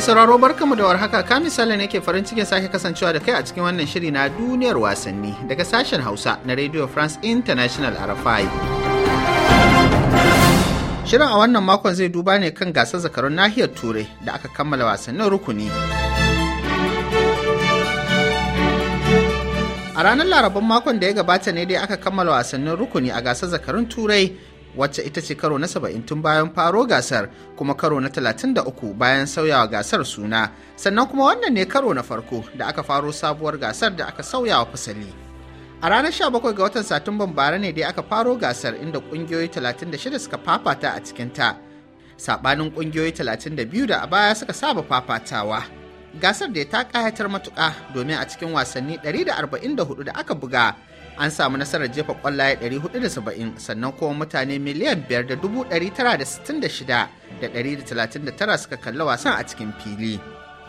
Mai sauraro barkamu da warhaka ka misali ne ke farin cikin sake kasancewa da kai a cikin wannan shiri na duniyar wasanni daga sashen Hausa na Radio France International RFI. Shirin a wannan makon zai duba ne kan gasar zakarun nahiyar Turai da aka kammala wasannin rukuni. A ranar laraban makon da ya gabata ne dai aka kammala wasannin rukuni a gasar zakarun Turai wacce ita ce karo na 70 tun bayan faro gasar kuma karo na talatin da uku bayan sauyawa gasar suna sannan kuma wannan ne karo na farko da aka faro sabuwar gasar da aka sauyawa fasali a ranar sha bakwai ga watan satumban bara ne dai aka faro gasar inda kungiyoyi shida suka fafata a cikinta sabanin kungiyoyi talatin da biyu da a baya suka saba fafatawa gasar da ya ta kayatar matuka domin a cikin wasanni ɗari da da arba'in hudu da aka buga an samu nasarar jefa kwallaye 470 sannan kuma mutane miliyan 5,966,139 suka kalli wasan a cikin fili.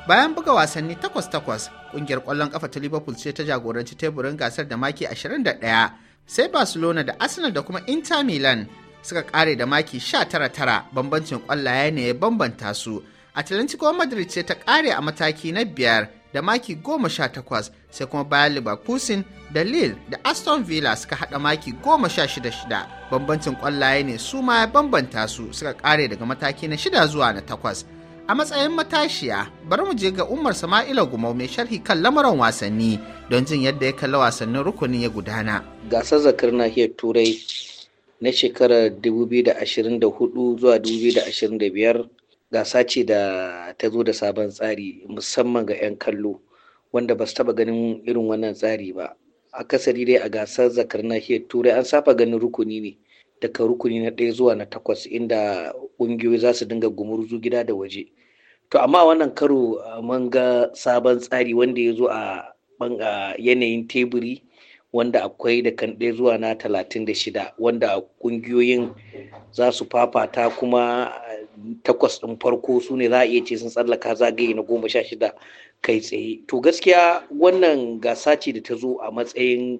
Bayan buga wasanni takwas-takwas, kungiyar kwallon kafa ta Liverpool ce ta jagoranci teburin gasar da maki 21, sai Barcelona da Arsenal da kuma Inter Milan suka kare da maki 19-9 bambancin kwallaye ne ya bambanta su. Atlantico Madrid ce ta kare a mataki na biyar da maki 18 sai kuma bayan Leverkusen da Lille da Aston Villa suka haɗa maki goma sha shida shida bambancin ƙwallaye ne su ma ya bambanta su suka ƙare daga mataki na shida zuwa na takwas. A matsayin matashiya bari mu je ga Umar Sama'ila Gumau mai sharhi kan lamuran wasanni don jin yadda ya kalla wasannin rukunin ya gudana. Gasar zakar nahiyar Turai na shekarar 2024 zuwa 2025 gasa ce da ta zo da sabon tsari musamman ga 'yan kallo. wanda ba su taba ganin irin wannan tsari ba akasari dai a gasar zakar nahiyar turai an saba ganin rukuni ne daga rukuni na ɗaya zuwa na takwas inda ƙungiyoyi za su dinga gumurzu gida da waje to amma wannan karo mun ga sabon tsari wanda ya zo a yanayin teburi wanda akwai da kan ɗaya zuwa na talatin da shida wanda ƙungiyoyin za su fafata kuma eh, takwas ɗin farko su ne za a iya ce sun tsallaka zagaye na goma sha shida kai tsaye to gaskiya wannan gasa ce da ta zo a matsayin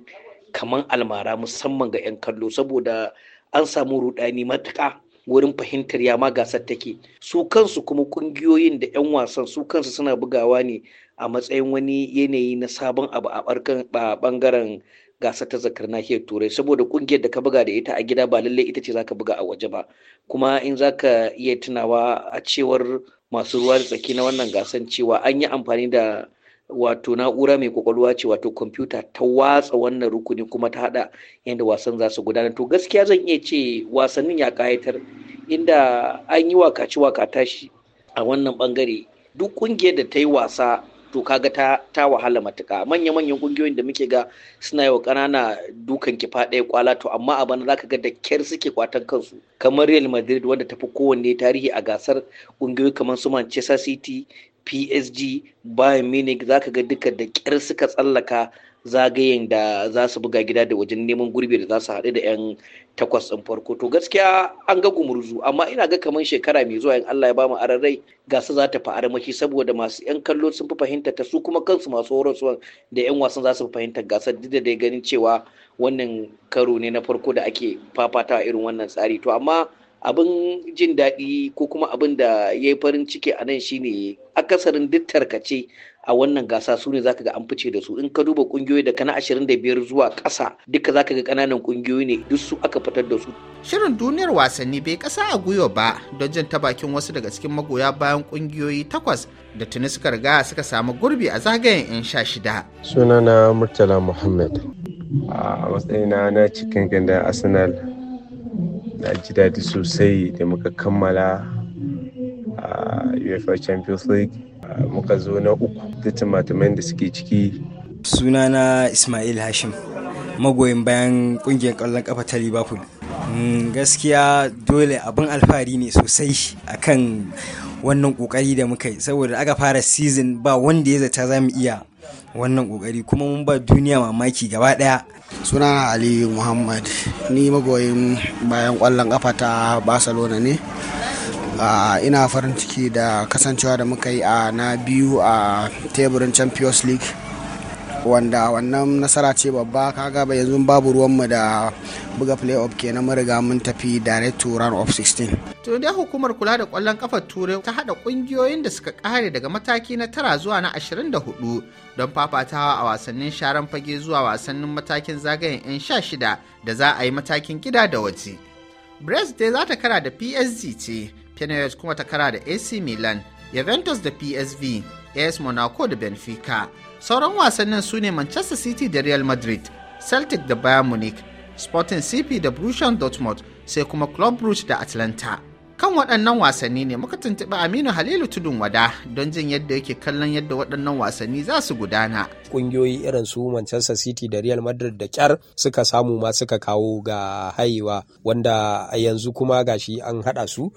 kaman almara musamman ga 'yan kallo saboda an samu rudani matuƙa wurin fahimtar yama gasar take su kansu kuma kungiyoyin da 'yan wasan su kansu suna bugawa ne a matsayin wani yanayi na sabon abu a bangaren gasar ta zakar nahiyar turai saboda kungiyar da ka buga da ita a gida ba lallai ita ce zaka buga a waje ba kuma in zaka iya tunawa a cewar masu ruwa da tsaki na wannan gasan cewa an yi amfani da wato na'ura mai kwakwalwa ce wato kwamfuta ta watsa wannan rukuni kuma ta hada yadda wasan za su gudana to gaskiya zan iya ce wasannin ya kayatar inda an yi waka wakaci waka tashi a wannan bangare duk kungiyar da ta yi wasa to kaga ta ta wahala matuka manya manyan kungiyoyin da muke ga suna yau kanana dukan kifa ɗaya kwala to amma a bana zaka ga da kyar suke kwatan kansu kamar Real Madrid wanda tafi kowanne tarihi a gasar kungiyoyi kamar su Manchester City PSG Bayern Munich zaka ga duka da kyar suka tsallaka zagayen da za su buga gida da wajen neman gurbi da za su haɗu da 'yan takwas ɗin farko to gaskiya an ga gumurzu amma ina ga kamar shekara mai zuwa in Allah ya bamu aran rai gasa za ta fi armashi saboda masu 'yan kallo sun fi fahimta ta su kuma kansu masu suwan da 'yan wasan za su fi fahimta gasar duk da dai ganin cewa wannan karo ne na farko da ake fafatawa irin wannan tsari to amma abin jin daɗi ko kuma abin da ya yi farin ciki a nan shine akasarin duk tarkace a wannan gasa su ne zaka ga an fice da su in ka duba kungiyoyi da kana 25 zuwa ƙasa duka zaka ga ƙananan kungiyoyi ne duk su aka fitar da su shirin duniyar wasanni bai kasa a gwiwa ba don jin ta bakin wasu daga cikin magoya bayan kungiyoyi takwas da tuni suka riga suka samu gurbi a zagayen yan sha shida sunana murtala muhammad a matsayina na cikin gindin arsenal na ji daɗi sosai da muka kammala a UEFA Champions League muka zo na uku da tumatumai da suke ciki. Sunana Ismail Hashim magoyin bayan ƙungiyar ƙwallon ƙafa ta Liverpool. Mm, gaskiya dole abin alfahari ne sosai akan wannan kokari da muka yi saboda aka fara season ba wanda ya zata za mu iya wannan kokari kuma mun ba duniya mamaki gaba ɗaya. suna ali muhammad ni magoyin bayan kwallon kafa ta barcelona ne ina farin ciki da kasancewa da muka yi a na biyu a teburin champions league wanda wannan nasara ce babba kaga ba yanzu babu ruwanmu da buga playoff ke na mariga mun tafi direct to round of 16 to da hukumar kula da kwallon kafar turai ta hada kungiyoyin da suka kare daga mataki na tara zuwa na 24 don fafatawa a wasannin sharan fage zuwa wasannin matakin zagayen 'yan sha shida da za a yi matakin gida da waje brest dai za ta kara da psg ce penards kuma ta kara da ac milan juventus da psv AS Monaco da Benfica. Sauran wasannin su ne Manchester City da Real Madrid, Celtic da Bayern Munich, Sporting CP da Borussia Dortmund, sai kuma Club Brugge da Atlanta. Kan waɗannan wasanni ne muka tuntuɓi Aminu Halilu Tudun Wada don jin yadda yake kallon yadda waɗannan wasanni za su gudana. Ƙungiyoyi irin su Manchester City da Real Madrid da kyar suka samu ma suka kawo ga hayewa wanda yanzu kuma gashi an haɗa su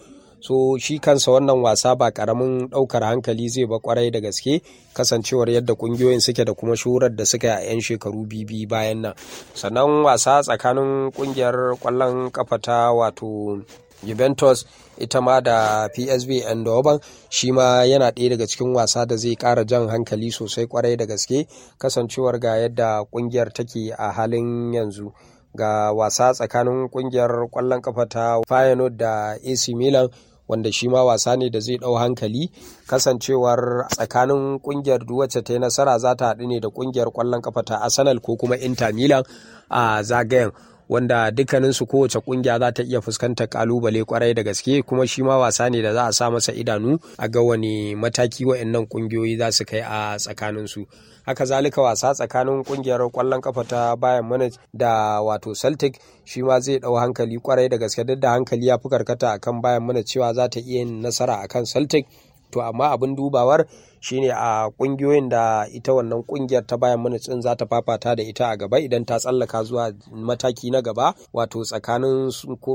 so shi kansa wannan wasa ba karamin ɗaukar hankali zai ba kwarai da gaske kasancewar yadda ƙungiyoyin suke da kuma shurar da suka yi a 'yan shekaru bibi bayan nan sannan wasa tsakanin ƙungiyar kwallon kafa ta wato juventus ita ma da psv andoban shi ma yana ɗaya daga cikin wasa da zai ƙara jan hankali sosai kwarai da gaske kasancewar ga yadda ƙungiyar take a halin yanzu ga wasa tsakanin ƙungiyar ƙwallon kafa ta feyenoord da ac milan wanda shi ma wasa ne da zai dau hankali kasancewar tsakanin kungiyar duwace ta yi nasara za ta haɗu ne da kungiyar ƙwallon kafa ta arsenal ko kuma inter milan a zagayen wanda dukkaninsu kowace kungiya za ta iya fuskantar kalubale kwarai da gaske kuma shi ma wasa ne da za a sa masa idanu a ga wani mataki wa'annan kungiyoyi za su kai a tsakaninsu haka zalika wasa tsakanin kungiyar kwallon kafa ta bayan manage da wato celtic shi ma zai dau hankali kwarai da gaske duk da hankali ya fi karkata akan bayan mana cewa za ta iya yin nasara akan celtic to amma abin dubawar shine a kungiyoyin da ita wannan kungiyar ta bayan mana za ta fafata da ita a gaba idan ta tsallaka zuwa mataki na gaba wato tsakanin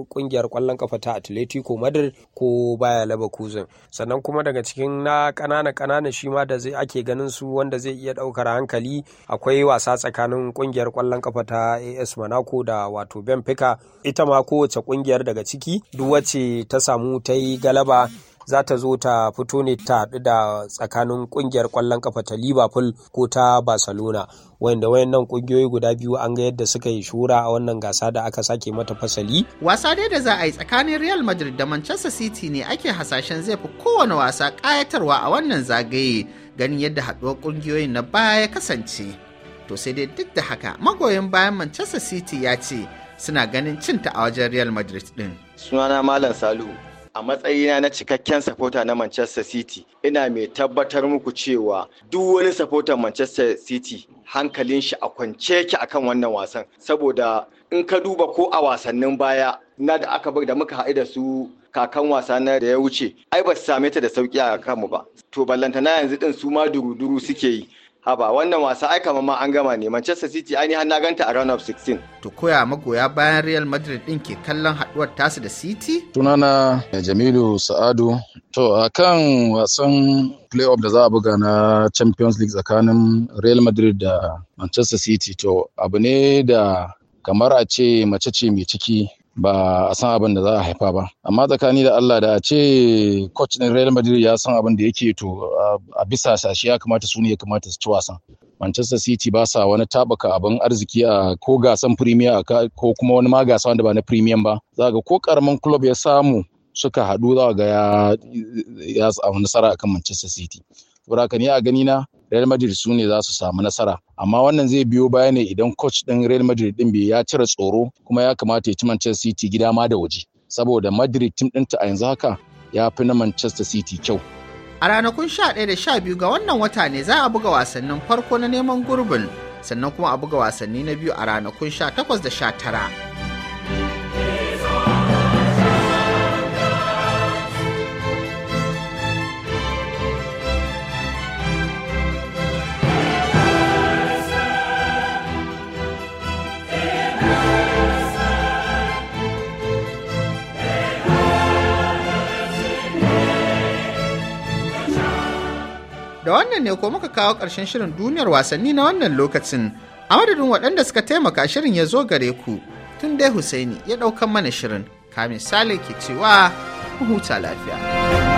kungiyar kwallon kafa ta atletico madrid ko baya leverkusen sannan kuma daga cikin na kanana kanana shi ma da zai ake ganin su wanda zai iya daukar hankali akwai wasa tsakanin kungiyar kwallon kafa ta as monaco da wato benfica ita ma kowace kungiyar daga ciki duk wacce ta samu ta yi galaba za ta zo ta fito ne ta haɗu da tsakanin ƙungiyar ƙwallon ƙafa ta liverpool ko ta barcelona wanda wayannan ƙungiyoyi guda biyu an ga yadda suka yi shura a wannan gasa da aka sake mata fasali. Wasa dai da za a yi tsakanin Real Madrid da Manchester City ne ake hasashen zai fi kowane wasa ƙayatarwa a wannan zagaye ganin yadda haɗuwar ƙungiyoyin na baya ya kasance. To sai dai duk da haka magoyin bayan Manchester City ya ce suna ganin cinta a wajen Real Madrid ɗin. Sunana Malam Salihu a matsayina na cikakken sapota na Manchester City ina mai tabbatar muku cewa duk wani sapota Manchester City hankalin shi a kwance yake akan wannan wasan saboda in ka duba ko a wasannin baya na da aka bar da muka haɗu da su kakan wasa na da ya wuce ai ba su same ta da sauki a kanmu ba to ballantana yanzu din su ma duruduru suke yi haba wannan wasa ai kamar ma an gama ne Manchester City ai har na ganta a round of 16 to koya magoya bayan Real Madrid din ke kallon haduwar tasu da City tunana Jamilu Sa'adu to akan wasan playoff da za a buga na Champions League tsakanin Real Madrid da Manchester City to abu ne da kamar a ce mace ce mai ciki ba a san abin da za a haifa ba amma tsakani da Allah da a ce coach din Real Madrid ya san abin da yake to a bisa sashi ya kamata su ne ya kamata su ci wasan Manchester City ba sa wani tabaka abin arziki a ko gasan Premier ko kuma wani ma gasa wanda ba na Premier ba za ga ko karamin club ya samu suka haɗu za ga ya samu nasara akan Manchester City Saboda ni a gani na Real Madrid su ne za su samu nasara. Amma wannan zai biyo baya ne idan coach ɗin Real Madrid ɗin bai ya cire tsoro kuma ya kamata ya ci Manchester City gida ma da waje. Saboda Madrid team ɗinta a yanzu haka ya fi na Manchester City kyau. A ranakun 11 da 12 ga wannan wata ne za a buga wasannin farko na neman gurbin sannan kuma a buga wasanni na biyu a ranakun 18 da 19. da wannan ne ko muka kawo ƙarshen shirin duniyar wasanni na wannan lokacin a madadin waɗanda suka taimaka shirin ya zo gare ku tun dai Husaini ya ɗaukan mana shirin kamin Sale ke cewa huta lafiya.